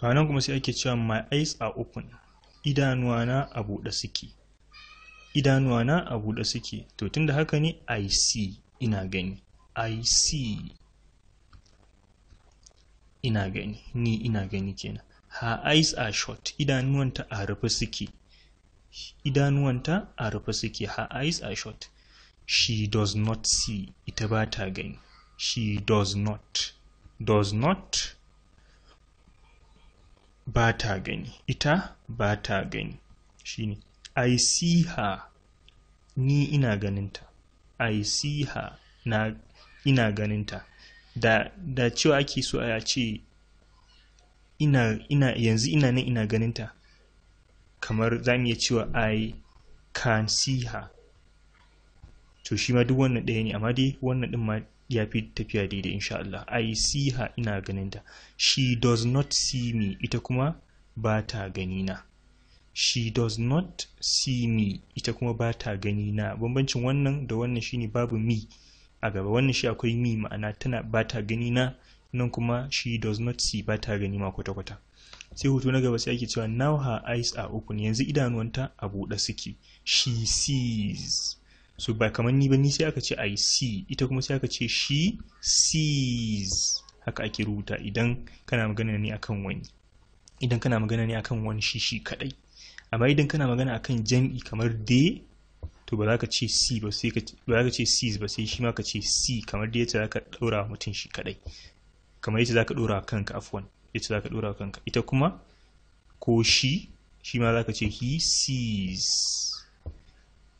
to anan kuma sai ake cewa my eyes are open idanuwana a buɗe suke idanuwana a buɗe suke to tunda haka ne i see ina gani i see ina gani ni ina gani kenan her eyes are shut idanuwanta a rufe suke idanuwanta a rufe suke her eyes are shut she does not see ita ba ta gani she does not does not ba ta gani ita ba ta gani ne i see her ni ina ganinta i see her na ina ganinta da da cewa ake so a ce ina ina yanzu ina nan ina ganinta kamar za mu iya cewa i can see her to shi ma duk wannan ɗaya ne amma dai wannan ɗin ma ya fi tafiya daidai insha Allah I see her ina ganinta she does not see me ita kuma ba ta ganina she does not see me ita kuma ba ta na bambancin wannan da wannan shine babu me a gaba wannan shi akwai me ma'ana tana ba ta na nan kuma she does not see ba ta gani ma kwata-kwata sai hoto na gaba sai ake cewa now her eyes are open yanzu idanuwanta a buɗe suke she sees so ba kamar ni ba ni sai aka ce i see ita kuma sai aka ce she sees haka ake rubuta idan kana magana ne akan wani idan kana magana ne akan wani shi shi kadai amma idan kana magana akan jam'i kamar de to ba za ka ce c ba sai ka ba za ka ce sees ba sai shi ma ka ce c kamar da yace za ka dora mutum shi kadai kamar yace za ka kanka afwan yace za ka kanka ita kuma ko shi shi ma za ka ce he sees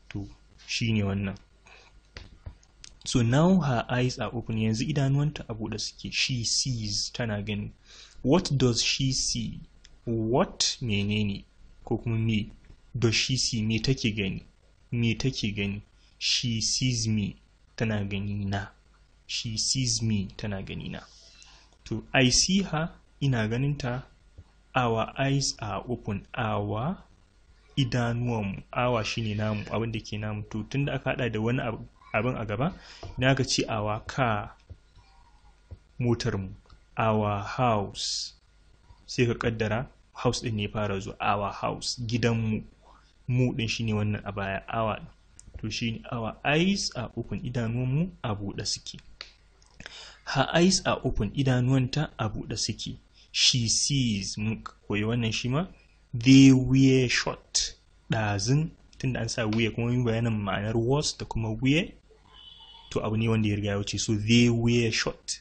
to shi ne wannan so now her eyes are open yanzu idanuwanta a buɗe suke she sees tana gani what does she see what menene ko kuma me does she see me take gani me take gani she sees me tana gani na she sees me tana gani na to i see her ina ganinta our eyes are open our idanuwanmu awa shine namu abin da ke namu to tunda aka hada da wani abin a gaba na ka ce awa ka motarmu awa house sai ka kaddara house din ne fara zuwa awa house gidanmu mu din shine wannan a baya awa to shine awa eyes a ukun idanuwanmu a buɗe suke her eyes are open idanuwanta a buɗe suke she sees mu koyi wannan shi ma they wear shot ɗazin tunda an sa wear kuma yin bayanin ma'anar was da kuma wear to abu ne wanda ya riga ya wuce so they wear shot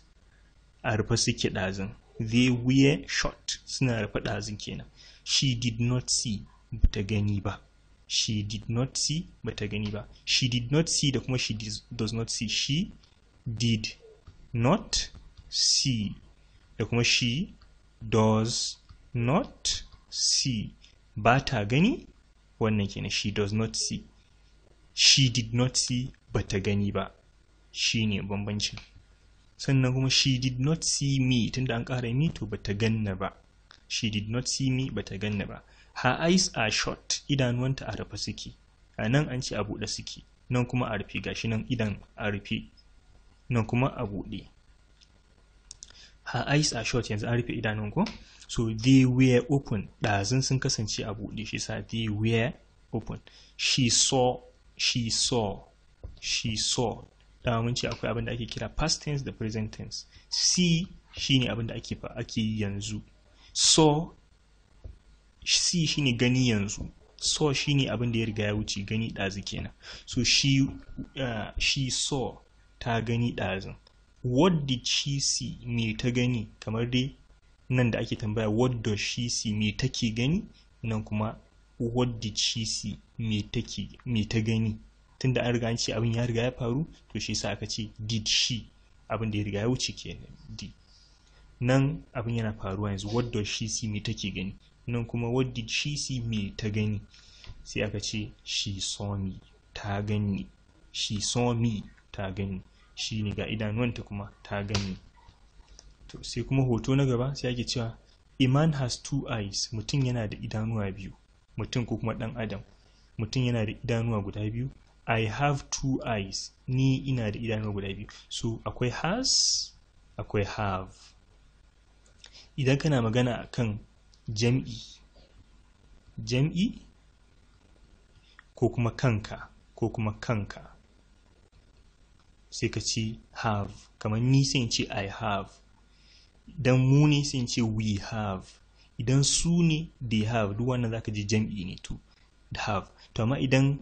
a rufe suke ɗazin they wear shot suna rufe ɗazin kenan she did not see bata gani ba she did not see bata gani ba she did not see da kuma she does not see she did not see da kuma she does not see ba ta gani wannan kenan she does not see she did not see ba ta gani ba shi ne bambancin sannan kuma she did not see me tunda an ƙara me to ba ta ganna ba she did not see me ba ta ganna ba her eyes are shut idanuwanta a rufe suke a nan an ce a buɗe suke nan kuma a rufe gashi nan idan a rufe nan kuma a buɗe her eyes are shut yanzu an rufe idanun ko so they were open ɗazun sun kasance a buɗe shi sa they were open she saw she saw she saw dama mun ce akwai abin da ake kira past tense da present tense see ne abin da ake ake yanzu saw see ne gani yanzu saw ne abin da ya riga ya wuce gani ɗazu kenan so she uh, she saw ta gani ɗazun what did she see me ta gani kamar dai nan da ake tambaya what does she see me take gani nan kuma what did she see me ta gani tunda an riga an ce abin ya riga ya faru to shi yasa aka ce did she abin da ya riga ya wuce kenan di. nan abin yana faruwa yanzu what does she see me take gani nan kuma what did she see me ta gani sai aka ce she saw me ta gani she saw me ta gani ne ga idanuwanta kuma ta gani to sai kuma hoto na gaba sai ake cewa a man has two eyes mutum yana da idanuwa biyu mutum ko kuma dan adam mutum yana da idanuwa guda biyu i have two eyes ni ina da idanuwa guda biyu so akwai has akwai have idan kana magana akan jam'i jam'i ko kuma kanka ko kuma kanka sai ka ce have kamar ni sai ce i have idan mu ne sai ce we have idan su ne they have duk wannan zaka ji jam'i ne to have to amma idan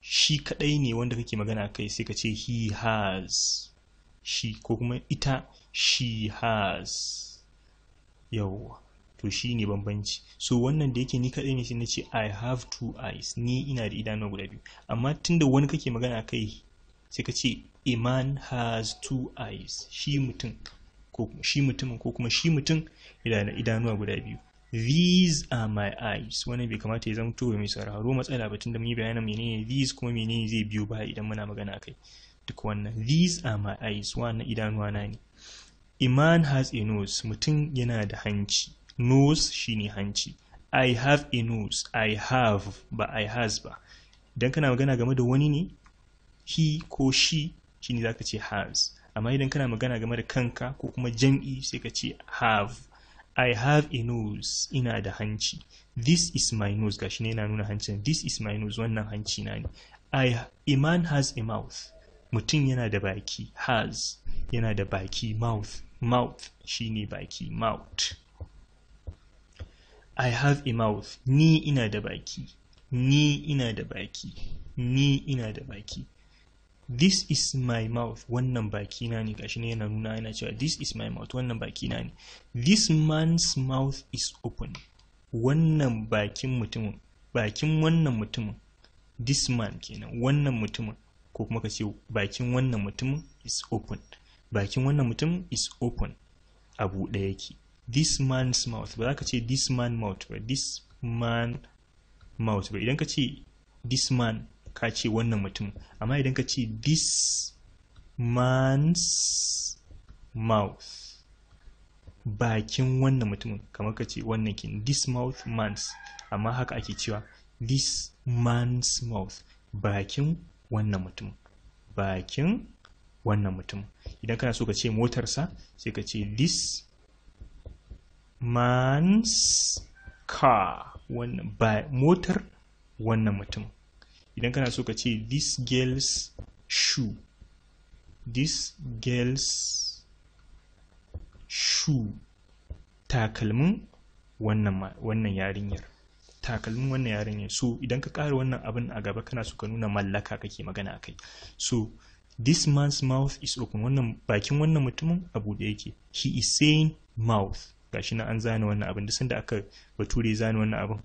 shi kadai ne wanda kake magana kai sai ka ce he has shi ko kuma ita she has yawwa to shi ne bambanci so wannan da yake ni kadai ne shi na ce i have two eyes ni ina da idanu guda biyu amma tunda wani kake magana kai sai ka ce Iman has two eyes shi mutum ko shi mutumin ko kuma shi mutum idanuwa guda biyu these are my eyes wannan bai kamata ya zama tuwa mai sauraro matsala ba da mun yi bayanin menene these kuma menene zai biyo ba idan muna magana kai duk wannan these are my eyes wannan idanuwa na ne iman has a nose mutum yana da hanci nose shine hanci i have a nose i have ba i has ba idan kana magana game da wani ne he ko shi shine zaka ce has amma idan kana magana game da kanka ko kuma jam'i sai ka ce have i have a nose ina da hanci this is my nose gashi ne yana nuna hancin this is my nose wannan hanci na ne i a man has a mouth mutum yana da baki has yana da baki mouth mouth shine baki mouth i have a mouth ni ina da baki ni ina da baki ni ina da baki this is my mouth wannan baki na ne gashi ne yana nuna yana cewa this is my mouth wannan baki na ne this man's mouth is open wannan bakin mutumin bakin wannan mutumin this man kenan wannan mutumin ko kuma ka ce bakin wannan mutumin is open bakin wannan mutumin is open a buɗe yake this man's mouth ba za ka ce this man mouth ba this man mouth ba idan ka ce this man ka ce wannan mutum amma idan ka ce this man's mouth bakin wannan mutumin kamar ka ce wannan kin this mouth man's amma haka ake cewa this man's mouth bakin wannan mutum bakin wannan mutum idan kana so ka ce motarsa sai ka ce this man's car wannan motar wannan mutum idan kana so ka ce this girl's shoe this girl's shoe takalmin wannan yarinyar takalmin wannan yarinyar so idan ka ƙara wannan abin a gaba kana so ka nuna mallaka kake magana akai so this man's mouth is open wannan bakin wannan mutumin a buɗe yake he is saying mouth gashi na an zana wannan abin duk sanda aka bature zana wannan abin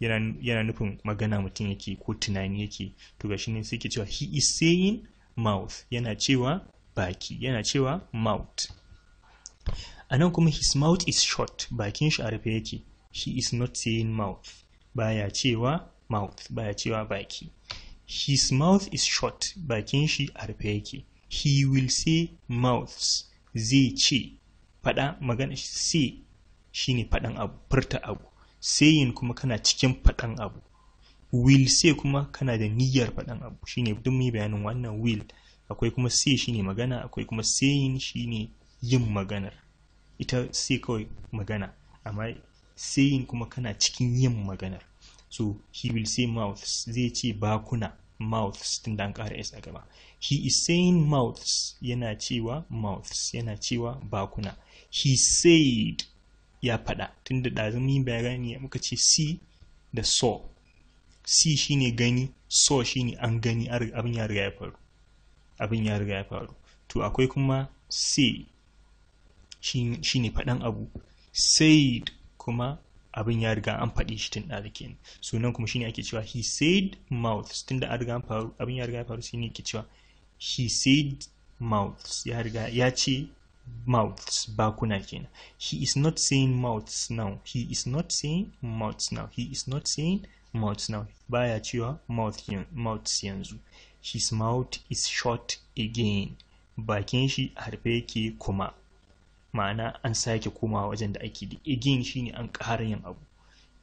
yana nufin magana mutum yake ko tunani yake to ga shine sai ke cewa he is saying mouth yana cewa baki yana cewa mouth a nan kuma his mouth is short bakin shi a rufe yake he is not saying mouth baya cewa mouth baya cewa baki his mouth is short bakin shi a rufe yake he will say mouths zai ce faɗa magana sai shine faɗan abu furta abu sayin kuma kana cikin faɗan abu will say kuma kana da niyyar faɗan abu shine duk mai bayanin wannan will akwai kuma say shine magana akwai kuma saying shine yin maganar ita say kawai magana amma saying kuma kana cikin yin maganar so he will say mouths zai ce bakuna mouths tun da an ƙara s a gaba he is saying mouths yana cewa mouths yana cewa bakuna he said ya faɗa tunda ɗazumi bayani muka ce si da so si shine gani so shine an gani abin ya riga ya faru abin ya riga ya faru to akwai kuma shi shine faɗan abu said kuma abin ya riga an faɗi shi tun ɗari kenan sunan kuma shine ake cewa he said mouth tunda da riga faru abin ya riga ya faru shine ake cewa he said mouth ya riga ya ce mouths bakuna kenan he is not saying mouths now he is not saying mouths now he is not saying mouths now baya cewa mouths yanzu his mouth is shut again bakin shi harfe yake kuma ma'ana an sake komawa wajen da ake da again shine an ƙara yin abu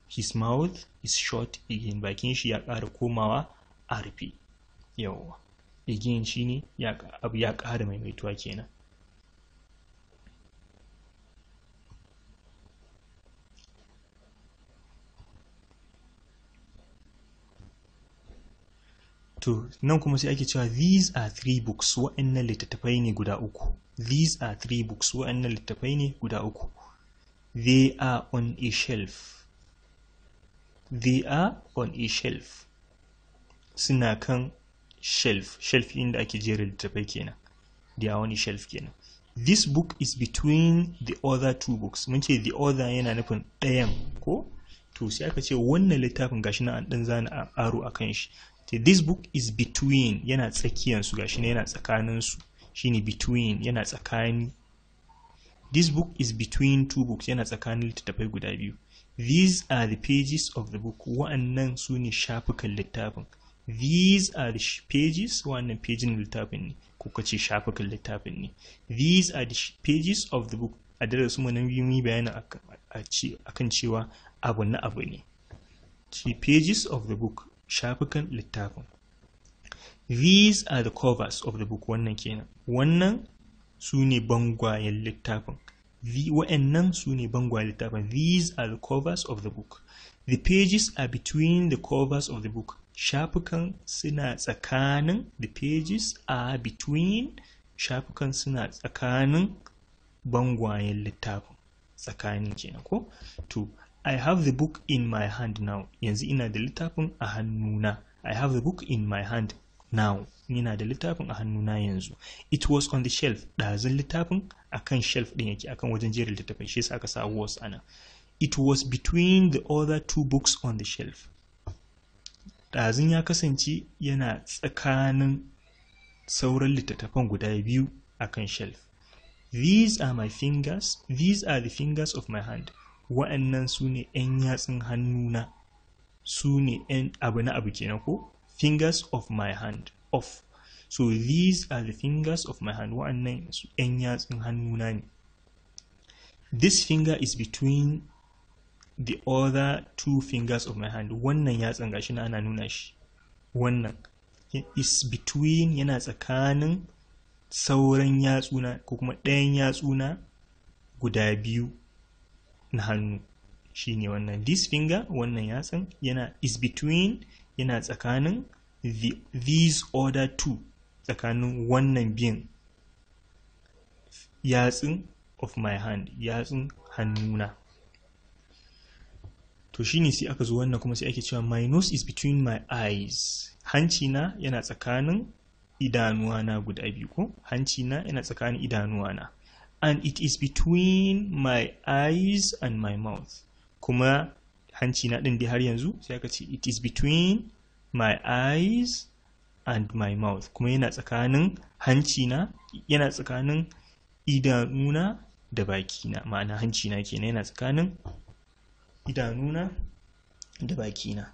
his mouth is shut again bakin shi ya ƙara komawa a rufe yawwa again shine abu ya ƙara maimaituwa kenan to nan kuma sai ake cewa these are three books wa'annan littattafai ne guda uku these are three books wa'annan littattafai ne guda uku they are on a shelf they are on a shelf suna kan shelf shelf inda ake jera littattafai kenan they are on a shelf kenan this book is between the other two books mun ce the other yana nufin ɗayan ko to sai aka ce wannan littafin gashi na an dan zana aro akan shi this book is between yana tsakiyansu gashi ne yana tsakaninsu shine between yana tsakani this book is between two books yana tsakanin littattafai guda biyu these are the pages of the book wa'annan su ne shafukan littafin these are the pages wa'annan pejin littafin ne ko kace shafukan littafin ne these are the pages of the book a darasin mu na yi bayanin akan cewa abu na abu ne the pages of the book shafukan littafin these are the covers of the book wannan kenan wannan su ne bangwayen littafin wa'annan su ne bangwayen littafin these are the covers of the book the pages are between the covers of the book shafukan suna tsakanin the pages are between shafukan suna tsakanin bangwayen littafin tsakanin kenan ko to I have the book in my hand now. Yanzu ina da littafin a hannuna. I have the book in my hand now. Ina da littafin a hannuna yanzu. It was on the shelf. Ɗazun littafin kan shelf ɗin yake akan wajen jerin littafin shi yasa aka sa was ana. It was between the other two books on the shelf. Ɗazun ya kasance yana tsakanin sauran littattafan guda biyu a kan shelf. These are my fingers. These are the fingers of my hand. wa'annan su ne 'yan yatsun hannuna su ne 'yan abu na abu kenan ko fingers of my hand of so these are the fingers of my hand wa'annan su 'yan yatsun hannuna ne this finger is between the other two fingers of my hand wannan yatsun gashi na ana nuna shi wannan is between yana tsakanin sauran yatsuna ko kuma ɗayan yatsuna guda biyu na hannu shi ne wannan this finger wannan yatsan yana is between yana tsakanin these other two tsakanin wannan biyan yatsun of my hand yatsun hannuna to shi ne sai aka zo wannan kuma sai ake cewa my nose is between my eyes hanci na yana tsakanin idanuwana guda biyu ko hanci na yana tsakanin idanuwana and it is between my eyes and my mouth kuma hanci na ɗin dai har yanzu sai aka ce it is between my eyes and my mouth kuma yana tsakanin hanci na yana tsakanin idanuna da bakina ma'ana hanci na kenan yana tsakanin idanuna da bakina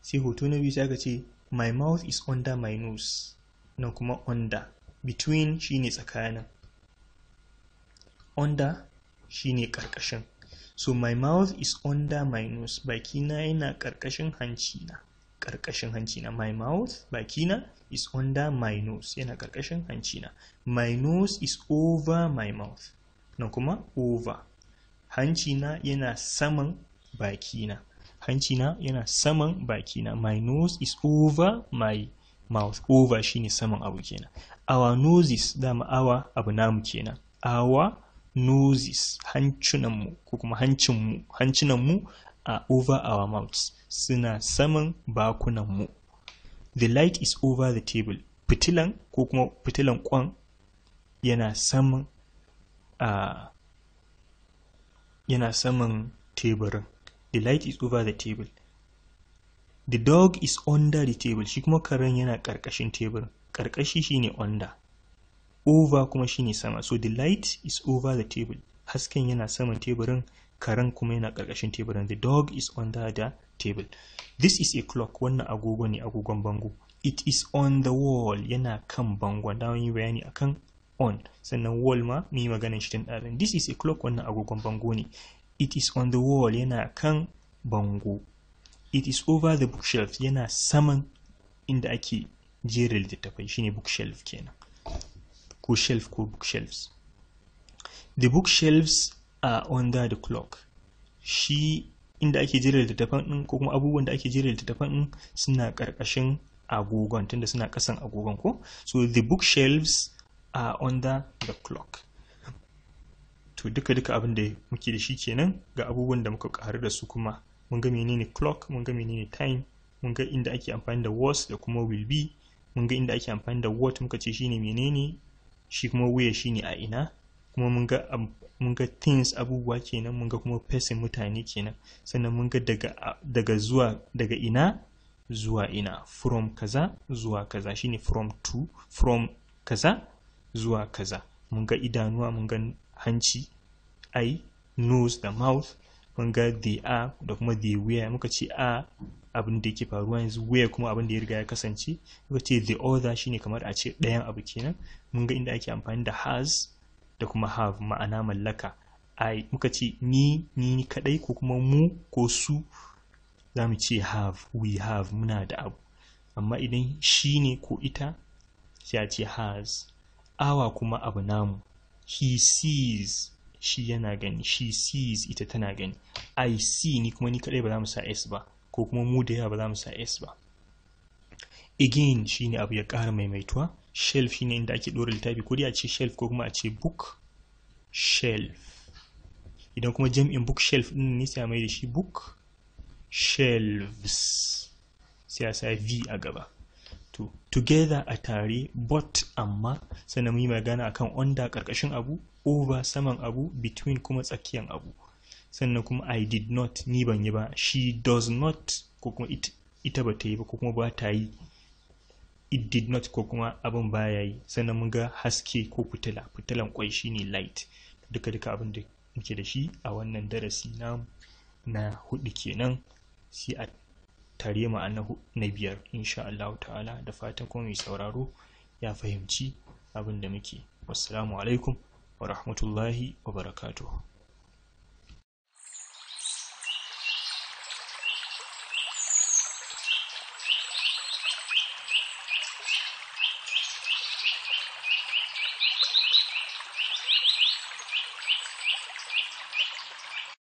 sai hoto na biyu sai aka ce my mouth is under my nose nan kuma under between shine tsakanin under shine ƙarƙashin so my mouth is under my nose bakina yana ƙarƙashin hancina ƙarƙashin na my mouth bakina is under my nose yana ƙarƙashin na my nose is over my mouth na kuma over hanci na yana saman bakina na yana saman bakina my nose is over my mouth over shine saman abu kenan our noses dama awa abu namu kenan our noses hancinanmu ko kuma hancinmu mu a over our mouths suna saman bakunan mu. the light is over the table fitilan ko kuma fitilan kwan yana saman a yana saman teburin the light is over the table the dog is under the table shi kuma karen yana karkashin teburin karkashi shine under over kuma shine sama so the light is over the table hasken yana saman teburin karen kuma yana karkashin teburin the dog is under the table this is a clock wannan agogo ne agogon bango it is on the wall yana kan bango da yi bayani akan on sannan wall ma mu maganin shi tun ɗarin this is a clock wannan agogon bango ne it is on the wall yana kan bango it is over the bookshelf yana saman inda ake jerin littattafai shine bookshelf kenan ko shelf ko bookshelves the bookshelves are under the clock shi inda ake jira littattafan din ko kuma abubuwan da ake jira littattafan din suna karkashin agogon tunda suna kasan agogon ko so the bookshelves are under the clock to duka duka abin da muke da shi kenan ga abubuwan da muka karu da su kuma mun ga menene clock mun ga menene time mun ga inda ake amfani da was da kuma will be mun ga inda ake amfani da what muka ce shine menene shi kuma wuya shi ne a ina kuma mun ga things abubuwa kenan mun ga kuma person mutane kenan sannan mun ga daga zuwa daga ina zuwa ina from kaza zuwa kaza shine from to from kaza zuwa kaza mun ga idanuwa mun ga hanci eye nose da mouth mun ga they are da kuma the were muka ce a abin da yake faruwa yanzu where kuma abin da ya riga ya kasance ko the other shine kamar a ce ɗayan abu kenan mun ga inda ake amfani da has da kuma have ma'ana mallaka ai muka ce ni ni kadai ko kuma mu ko su za mu ce have we have muna da abu amma idan shi ne ko ita sai a ce has awa kuma abu namu he sees shi yana gani she sees ita tana gani i see ni kuma ni kadai ba za mu sa s ba ko kuma mu da yawa ba za mu sa s ba again shine abu ya ƙara maimaituwa shelf shine inda ake ɗora littafi ko dai a ce shelf ko kuma a ce book shelf idan kuma jam'in book shelf ɗin ne sai a mai da shi book shelves sai a sa v a gaba to together a tare but amma sannan mu yi magana akan under ƙarƙashin abu over saman abu between kuma tsakiyan abu sannan kuma i did not ni ban yi ba she does not ko kuma ita ba ta yi ba ko kuma ba ta yi it did not ko kuma abin ba ya yi sannan mun ga haske ko fitila fitilan kwai shi ne light duka duka abin da muke da shi a wannan darasi na na hudu kenan sai a tare mu na biyar insha Allah ta'ala da fatan kuma mai sauraro ya fahimci abin da muke wassalamu alaikum wa rahmatullahi wa barakatuhu